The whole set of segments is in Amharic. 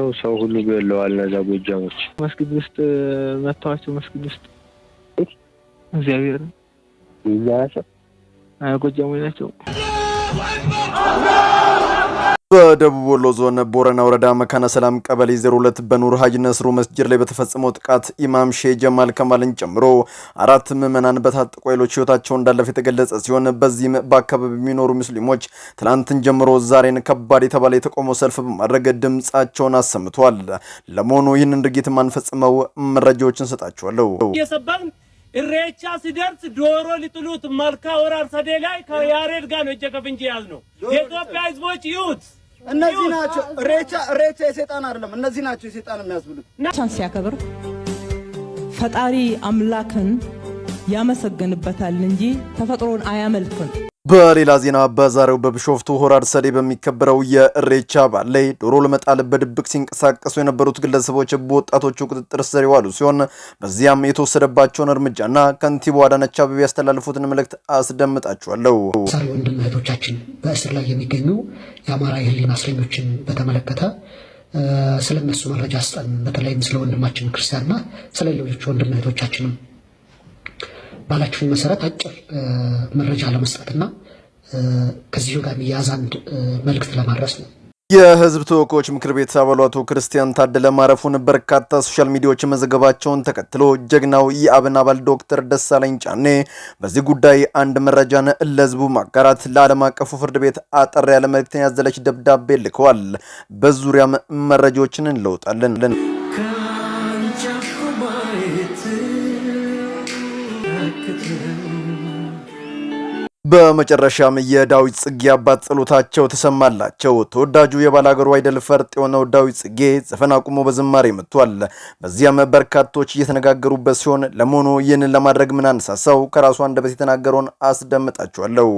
አግኝተው ሰው ሁሉ ገለዋል። እነዛ ጎጃሞች መስጊድ ውስጥ መተዋቸው መስጊድ ውስጥ እግዚአብሔር ጎጃሞች ናቸው። በደቡብ ወሎ ዞን ቦረና ወረዳ መካነ ሰላም ቀበሌ 02 በኑር ሀጅ ነስሩ መስጅድ ላይ በተፈጸመው ጥቃት ኢማም ሼህ ጀማል ከማልን ጨምሮ አራት ምዕመናን በታጠቁ ኃይሎች ህይወታቸው እንዳለፈ የተገለጸ ሲሆን በዚህም በአካባቢ የሚኖሩ ሙስሊሞች ትናንትን ጀምሮ ዛሬን ከባድ የተባለ የተቃውሞ ሰልፍ በማድረግ ድምጻቸውን አሰምቷል። ለመሆኑ ይህንን ድርጊት ማን ፈጽመው? መረጃዎችን ሰጣችኋለሁ። እሬቻ ሲደርስ ዶሮ ሊጥሉት መልካ ወራር ሰዴ ላይ ከያሬድ ጋር ነው እጀ ከፍንጅ ያዝ ነው የኢትዮጵያ ህዝቦች ይዩት። እነዚህ ናቸው። ሬቻ ሬቻ የሰይጣን አይደለም። እነዚህ ናቸው የሰይጣን የሚያስብሉት። ቻን ሲያከብር ፈጣሪ አምላክን ያመሰግንበታል እንጂ ተፈጥሮን አያመልክም። በሌላ ዜና በዛሬው በቢሾፍቱ ሆራ አርሰዴ በሚከበረው የእሬቻ በዓል ላይ ዶሮ ለመጣል በድብቅ ሲንቀሳቀሱ የነበሩት ግለሰቦች በወጣቶቹ ቁጥጥር ስር የዋሉ ሲሆን በዚያም የተወሰደባቸውን እርምጃና ከንቲባ አዳነች አቤቤ ያስተላልፉትን መልእክት አስደምጣችኋለሁ። ሳሪ ወንድም እህቶቻችን በእስር ላይ የሚገኙ የአማራ የህሊና እስረኞችን በተመለከተ ስለነሱ መረጃ ስጠን። በተለይም ስለ ወንድማችን ክርስቲያንና ስለ ሌሎች ወንድም እህቶቻችንም ባላችሁን መሰረት አጭር መረጃ ለመስጠትና ከዚሁ ጋር የሚያያዝ አንድ መልእክት ለማድረስ ነው። የህዝብ ተወካዮች ምክር ቤት አባሉ አቶ ክርስቲያን ታደለ ማረፉን በርካታ ሶሻል ሚዲያዎች መዘገባቸውን ተከትሎ ጀግናው የአብን አባል ዶክተር ደሳለኝ ጫኔ በዚህ ጉዳይ አንድ መረጃን ለህዝቡ ማጋራት ለዓለም አቀፉ ፍርድ ቤት አጠር ያለ መልእክትን ያዘለች ደብዳቤ ልከዋል። በዙሪያም መረጃዎችን እንለውጣለን። በመጨረሻም የዳዊት ጽጌ አባት ጸሎታቸው ተሰማላቸው። ተወዳጁ የባላገሩ አይደል ፈርጥ የሆነው ዳዊት ጽጌ ዘፈን አቁሞ በዝማሬ መጥቷል። በዚያም በርካቶች እየተነጋገሩበት ሲሆን ለመሆኑ ይህንን ለማድረግ ምን አነሳሳው? ከራሱ አንደበት የተናገረውን አስደምጣችኋለሁ።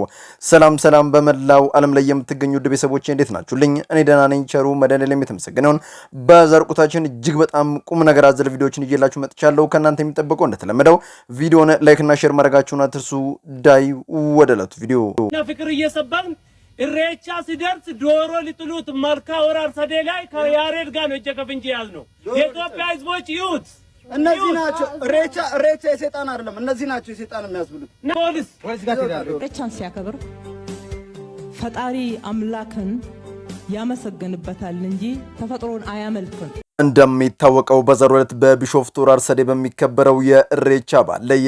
ሰላም ሰላም፣ በመላው ዓለም ላይ የምትገኙ ውድ ቤተሰቦች እንዴት ናችሁልኝ? እኔ ደህና ነኝ። ቸሩ መድኃኔዓለም የተመሰገነውን በዘርቁታችን እጅግ በጣም ቁም ነገር አዘል ቪዲዮዎችን እየላችሁ መጥቻለሁ። ከእናንተ የሚጠበቀው እንደተለመደው ቪዲዮን ላይክና ሼር ማድረጋችሁን አትርሱ። ዳይ ወደ አላት ቪዲዮ ፍቅር እየሰባን እሬቻ ሲደርስ ዶሮ ሊጥሉት መልካ ወራር ሰዴ ላይ ከያሬድ ጋር ነው እጀ ከፍንጅ ያዝ ነው። የኢትዮጵያ ህዝቦች ይሁት እነዚህ ናቸው። እሬቻ እሬቻ የሰይጣን አይደለም። እነዚህ ናቸው የሰይጣን የሚያስብሉት። ፖሊስ እሬቻን ሲያከብር ፈጣሪ አምላክን ያመሰግንበታል እንጂ ተፈጥሮን አያመልክም። እንደሚታወቀው በዘሮ ዕለት በቢሾፍቱ ራርሰዴ በሚከበረው የእሬቻ በዓል ላይ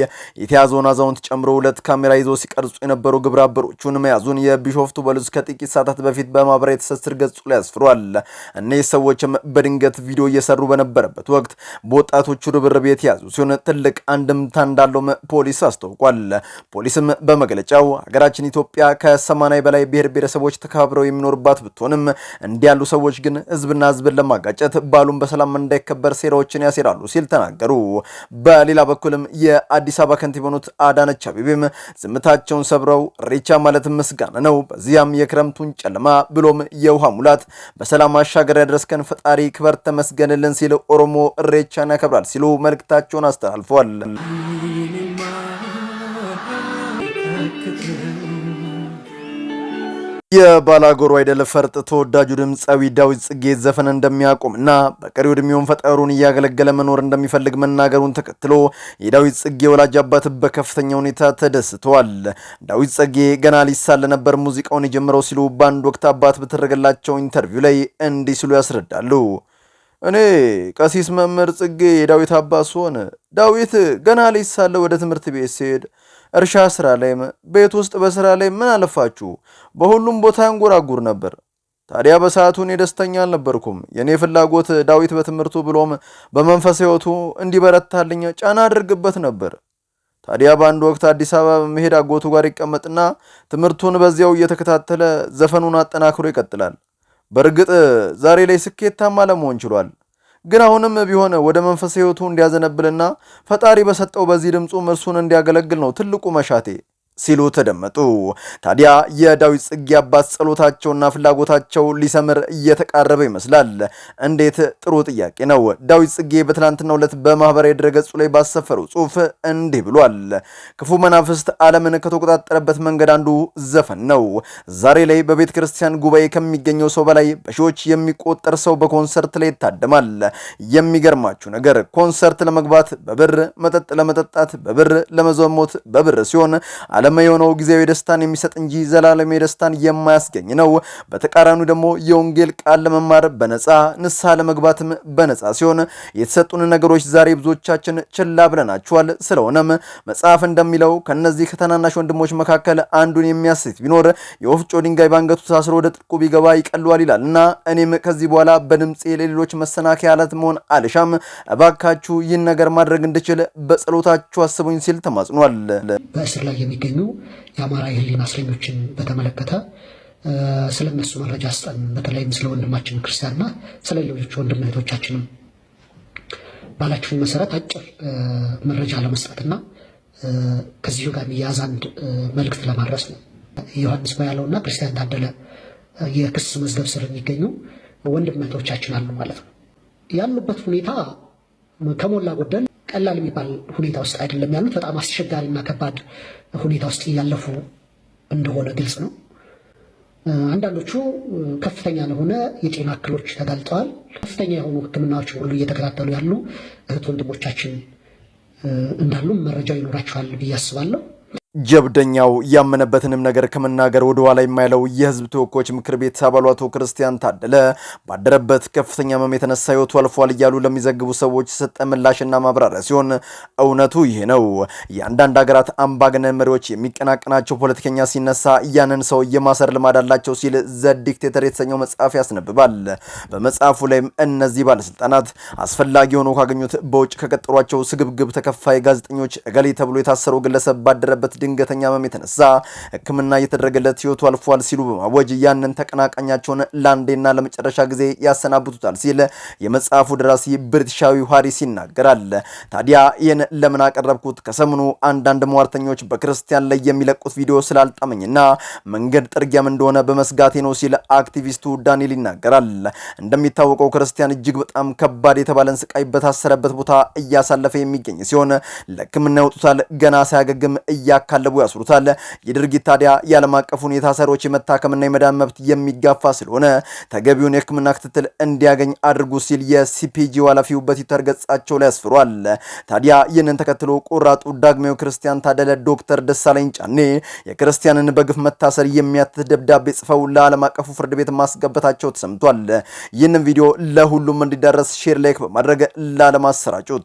የተያዘውን አዛውንት ጨምሮ ሁለት ካሜራ ይዞ ሲቀርጹ የነበሩ ግብረ አበሮቹን መያዙን የቢሾፍቱ ፖሊስ ከጥቂት ሰዓታት በፊት በማህበራዊ ትስስር ገጹ ላይ አስፍሯል። እነዚህ ሰዎችም በድንገት ቪዲዮ እየሰሩ በነበረበት ወቅት በወጣቶቹ ርብርብ የተያዙ ሲሆን ትልቅ አንድምታ እንዳለውም ፖሊስ አስታውቋል። ፖሊስም በመግለጫው ሀገራችን ኢትዮጵያ ከሰማንያ በላይ ብሔር ብሔረሰቦች ተከባብረው የሚኖርባት ብትሆንም እንዲህ ያሉ ሰዎች ግን ህዝብና ህዝብን ለማጋጨት ባሉ አሁን በሰላም እንዳይከበር ሴራዎችን ያሴራሉ ሲል ተናገሩ። በሌላ በኩልም የአዲስ አበባ ከንቲባ የሆኑት አዳነች አቤቤም ዝምታቸውን ሰብረው ኢሬቻ ማለት ምስጋና ነው፣ በዚያም የክረምቱን ጨለማ ብሎም የውሃ ሙላት በሰላም ማሻገር ያደረስከን ፈጣሪ ክበር ተመስገንልን ሲል ኦሮሞ ኢሬቻን ያከብራል ሲሉ መልእክታቸውን አስተላልፏል። የባላጎሩ አይደለ ፈርጥ ተወዳጁ ድምፃዊ ዳዊት ጽጌ ዘፈን እንደሚያቆም እና በቀሪው ዕድሜውን ፈጠሩን እያገለገለ መኖር እንደሚፈልግ መናገሩን ተከትሎ የዳዊት ጽጌ ወላጅ አባት በከፍተኛ ሁኔታ ተደስተዋል። ዳዊት ጽጌ ገና ሊሳል ነበር ሙዚቃውን የጀምረው ሲሉ በአንድ ወቅት አባት በተደረገላቸው ኢንተርቪው ላይ እንዲህ ሲሉ ያስረዳሉ። እኔ ቀሲስ መምህር ጽጌ የዳዊት አባት ስሆን ዳዊት ገና ሊሳለ ወደ ትምህርት ቤት ሲሄድ እርሻ ስራ ላይም ቤት ውስጥ በስራ ላይ ምን አለፋችሁ በሁሉም ቦታ እንጎራጉር ነበር። ታዲያ በሰዓቱ እኔ ደስተኛ አልነበርኩም። የእኔ ፍላጎት ዳዊት በትምህርቱ ብሎም በመንፈስ ሕይወቱ እንዲበረታልኝ ጫና አድርግበት ነበር። ታዲያ በአንድ ወቅት አዲስ አበባ በመሄድ አጎቱ ጋር ይቀመጥና ትምህርቱን በዚያው እየተከታተለ ዘፈኑን አጠናክሮ ይቀጥላል። በእርግጥ ዛሬ ላይ ስኬታማ ለመሆን ችሏል። ግን አሁንም ቢሆን ወደ መንፈሳዊ ሕይወቱ እንዲያዘነብልና ፈጣሪ በሰጠው በዚህ ድምጹ እርሱን እንዲያገለግል ነው ትልቁ መሻቴ። ሲሉ ተደመጡ። ታዲያ የዳዊት ጽጌ አባት ጸሎታቸውና ፍላጎታቸው ሊሰምር እየተቃረበ ይመስላል። እንዴት ጥሩ ጥያቄ ነው። ዳዊት ጽጌ በትናንትናው ዕለት በማህበራዊ ድረገጹ ላይ ባሰፈረው ጽሑፍ እንዲህ ብሏል። ክፉ መናፍስት ዓለምን ከተቆጣጠረበት መንገድ አንዱ ዘፈን ነው። ዛሬ ላይ በቤተ ክርስቲያን ጉባኤ ከሚገኘው ሰው በላይ በሺዎች የሚቆጠር ሰው በኮንሰርት ላይ ይታደማል። የሚገርማችሁ ነገር ኮንሰርት ለመግባት በብር መጠጥ ለመጠጣት በብር ለመዘሞት በብር ሲሆን ዓለም የሆነው ጊዜያዊ ደስታን የሚሰጥ እንጂ ዘላለማዊ ደስታን የማያስገኝ ነው። በተቃራኒ ደግሞ የወንጌል ቃል ለመማር በነፃ ንስሐ ለመግባትም በነፃ ሲሆን የተሰጡን ነገሮች ዛሬ ብዙዎቻችን ችላ ብለናቸዋል። ስለሆነም መጽሐፍ እንደሚለው ከነዚህ ከታናናሽ ወንድሞች መካከል አንዱን የሚያስት ቢኖር የወፍጮ ድንጋይ ባንገቱ ታስሮ ወደ ጥልቁ ቢገባ ይቀለዋል ይላል እና እኔም ከዚህ በኋላ በድምፄ ለሌሎች መሰናከያ አለት መሆን አልሻም። እባካችሁ ይህን ነገር ማድረግ እንድችል በጸሎታችሁ አስቡኝ ሲል ተማጽኗል። በእስር ላይ የሚገኙ በሰፊው የአማራ የህሊና እስረኞችን በተመለከተ ስለነሱ መረጃ ስጠን፣ በተለይም ስለ ወንድማችን ክርስቲያንና ስለ ሌሎች ወንድም እህቶቻችንም ባላችሁኝ መሰረት አጭር መረጃ ለመስጠትና ከዚሁ ጋር የሚያያዝ አንድ መልእክት ለማድረስ ነው። ዮሐንስ ባያለውና ክርስቲያን ታደለ የክስ መዝገብ ስር የሚገኙ ወንድም እህቶቻችን አሉ ማለት ነው። ያሉበት ሁኔታ ከሞላ ጎደል ቀላል የሚባል ሁኔታ ውስጥ አይደለም ያሉት። በጣም አስቸጋሪና ከባድ ሁኔታ ውስጥ እያለፉ እንደሆነ ግልጽ ነው። አንዳንዶቹ ከፍተኛ ለሆነ የጤና እክሎች ተጋልጠዋል። ከፍተኛ የሆኑ ህክምናዎች ሁሉ እየተከታተሉ ያሉ እህት ወንድሞቻችን እንዳሉም መረጃው ይኖራቸዋል ብዬ አስባለሁ። ጀብደኛው ያመነበትንም ነገር ከመናገር ወደ ኋላ የማይለው የህዝብ ተወካዮች ምክር ቤት አባሉ አቶ ክርስቲያን ታደለ ባደረበት ከፍተኛ ህመም የተነሳ ህይወቱ አልፏል እያሉ ለሚዘግቡ ሰዎች የሰጠ ምላሽና ማብራሪያ ሲሆን እውነቱ ይህ ነው። የአንዳንድ ሀገራት አምባገነን መሪዎች የሚቀናቀናቸው ፖለቲከኛ ሲነሳ ያንን ሰው የማሰር ልማድ አላቸው ሲል ዘ ዲክቴተር የተሰኘው መጽሐፍ ያስነብባል። በመጽሐፉ ላይም እነዚህ ባለስልጣናት አስፈላጊ ሆኖ ካገኙት በውጭ ከቀጠሯቸው ስግብግብ ተከፋይ ጋዜጠኞች እገሌ ተብሎ የታሰረው ግለሰብ ባደረበት ድንገተኛ ህመም የተነሳ ህክምና እየተደረገለት ህይወቱ አልፏል ሲሉ በማወጅ ያንን ተቀናቃኛቸውን ለአንዴና ለመጨረሻ ጊዜ ያሰናብቱታል ሲል የመጽሐፉ ደራሲ ብርትሻዊ ሃሪስ ይናገራል። ታዲያ ይህን ለምን አቀረብኩት? ከሰሞኑ አንዳንድ ሟርተኞች በክርስቲያን ላይ የሚለቁት ቪዲዮ ስላልጣመኝና መንገድ ጥርጊያም እንደሆነ በመስጋቴ ነው ሲል አክቲቪስቱ ዳንኤል ይናገራል። እንደሚታወቀው ክርስቲያን እጅግ በጣም ከባድ የተባለን ስቃይ በታሰረበት ቦታ እያሳለፈ የሚገኝ ሲሆን ለህክምና ይወጡታል ገና ሳያገግም እያ ካለቡ ያስሩታል። የድርጊት ታዲያ የዓለም አቀፉን የታሳሪዎች የመታከምና የመዳን መብት የሚጋፋ ስለሆነ ተገቢውን የሕክምና ክትትል እንዲያገኝ አድርጉ ሲል የሲፒጂ ኃላፊው በትዊተር ገጻቸው ላይ አስፍሯል። ታዲያ ይህንን ተከትሎ ቆራጡ ዳግሜው ክርስቲያን ታደለ ዶክተር ደሳለኝ ጫኔ የክርስቲያንን በግፍ መታሰር የሚያትት ደብዳቤ ጽፈው ለዓለም አቀፉ ፍርድ ቤት ማስገበታቸው ተሰምቷል። ይህንን ቪዲዮ ለሁሉም እንዲዳረስ ሼር ላይክ በማድረግ ላለማሰራጩት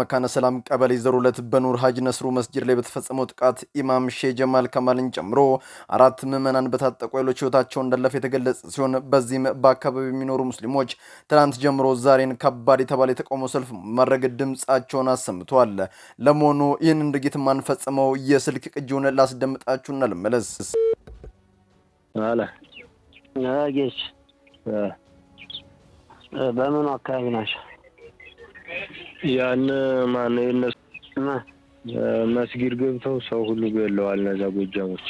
መካነ ሰላም ቀበሌ ዘሩለት በኑር ሀጅ ነስሩ መስጅድ ላይ በተፈጸመው ጥቃት ኢማም ሼህ ጀማል ከማልን ጨምሮ አራት ምዕመናን በታጠቁ ኃይሎች ህይወታቸው እንዳለፈ የተገለጸ ሲሆን በዚህም በአካባቢው የሚኖሩ ሙስሊሞች ትናንት ጀምሮ ዛሬን ከባድ የተባለ የተቃውሞ ሰልፍ ማድረግ ድምጻቸውን አሰምተዋል። ለመሆኑ ይህንን ድርጊት ማን ፈጸመው? የስልክ ቅጂውን ላስደምጣችሁ እና ልመለስ። በምኑ አካባቢ ናቸው? ያን ማን የነሱ መስጊድ ገብተው ሰው ሁሉ ገለዋል። እነዛ ጎጃሞች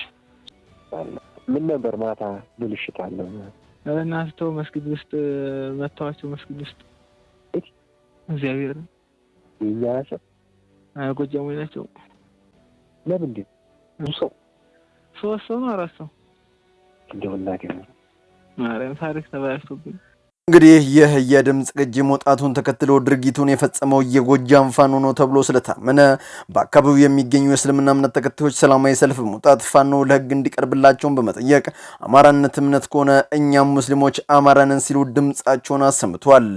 ምን ነበር ማታ ብልሽታለሁ እናስተው መስጊድ ውስጥ መተዋቸው መስጊድ ውስጥ እግዚአብሔር የእኛ ጎጃሞች ናቸው። ለምንድን ብዙ ሰው ሶስት ሰው ነው አራት ሰው እንደው እናቴ ማርያም ታሪክ ተበላሽቶብኝ እንግዲህ ይህ የድምፅ ቅጂ መውጣቱን ተከትሎ ድርጊቱን የፈጸመው የጎጃም ፋኖ ነው ተብሎ ስለታመነ በአካባቢው የሚገኙ የእስልምና እምነት ተከታዮች ሰላማዊ ሰልፍ በመውጣት ፋኖ ለሕግ እንዲቀርብላቸውን በመጠየቅ አማራነት እምነት ከሆነ እኛም ሙስሊሞች አማራንን ሲሉ ድምፃቸውን አሰምቷል።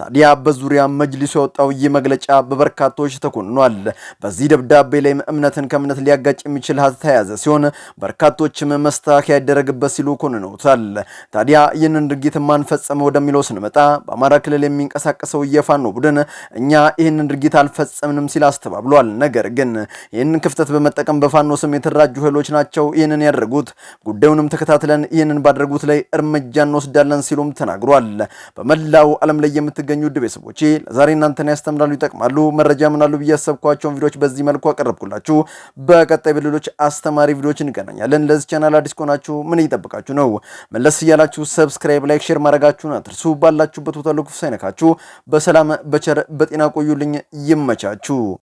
ታዲያ በዙሪያ መጅሊሱ ያወጣው ይህ መግለጫ በበርካቶች ተኮንኗል። በዚህ ደብዳቤ ላይም እምነትን ከእምነት ሊያጋጭ የሚችል ሀት ተያዘ ሲሆን በርካቶችም መስተካከያ ያደረግበት ሲሉ ኮንነውታል። ታዲያ ይህንን ድርጊት ማን ፈጸመ ወደሚለው የሚለው ስንመጣ በአማራ ክልል የሚንቀሳቀሰው የፋኖ ቡድን እኛ ይህንን ድርጊት አልፈጸምንም ሲል አስተባብሏል። ነገር ግን ይህንን ክፍተት በመጠቀም በፋኖ ስም የተደራጁ ኃይሎች ናቸው ይህንን ያደረጉት፣ ጉዳዩንም ተከታትለን ይህንን ባደረጉት ላይ እርምጃ እንወስዳለን ሲሉም ተናግሯል። በመላው ዓለም ላይ የምትገኙ ውድ ቤተሰቦቼ ለዛሬ እናንተን ያስተምራሉ፣ ይጠቅማሉ፣ መረጃ ምናሉ ብዬ ያሰብኳቸውን ቪዲዮዎች በዚህ መልኩ አቀረብኩላችሁ። በቀጣይ በሌሎች አስተማሪ ቪዲዮዎች እንገናኛለን። ለዚህ ቻናል አዲስ ከሆናችሁ ምን እየጠበቃችሁ ነው? መለስ እያላችሁ ሰብስክራይብ፣ ላይክ፣ ሼር ማድረጋችሁን አትርሱ። ድረሱ። ባላችሁበት ቦታ ለክፉ ሳይነካችሁ በሰላም በቸር በጤና ቆዩልኝ። ይመቻችሁ።